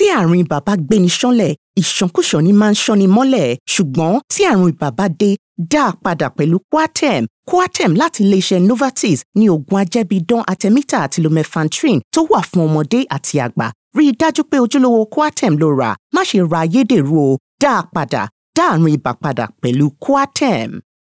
tí àrùn ibà bá gbéni ṣánlẹ̀ ìṣànkúṣàn ni máa ń ṣánni mọ́lẹ̀ ṣùgbọ́n tí àrùn ibà bá dé dá a padà pẹ̀lú coartem coartem láti iléeṣẹ́ novartis ní oògùn ajẹ́bidán artemita àti lumefantrine tó wà fún ọmọdé àti àgbà rí i dájú pé ojúlówó coartem ló rà má ṣe ra ayédèrú o dá a padà dá àrùn ibà padà pẹ̀lú coartem.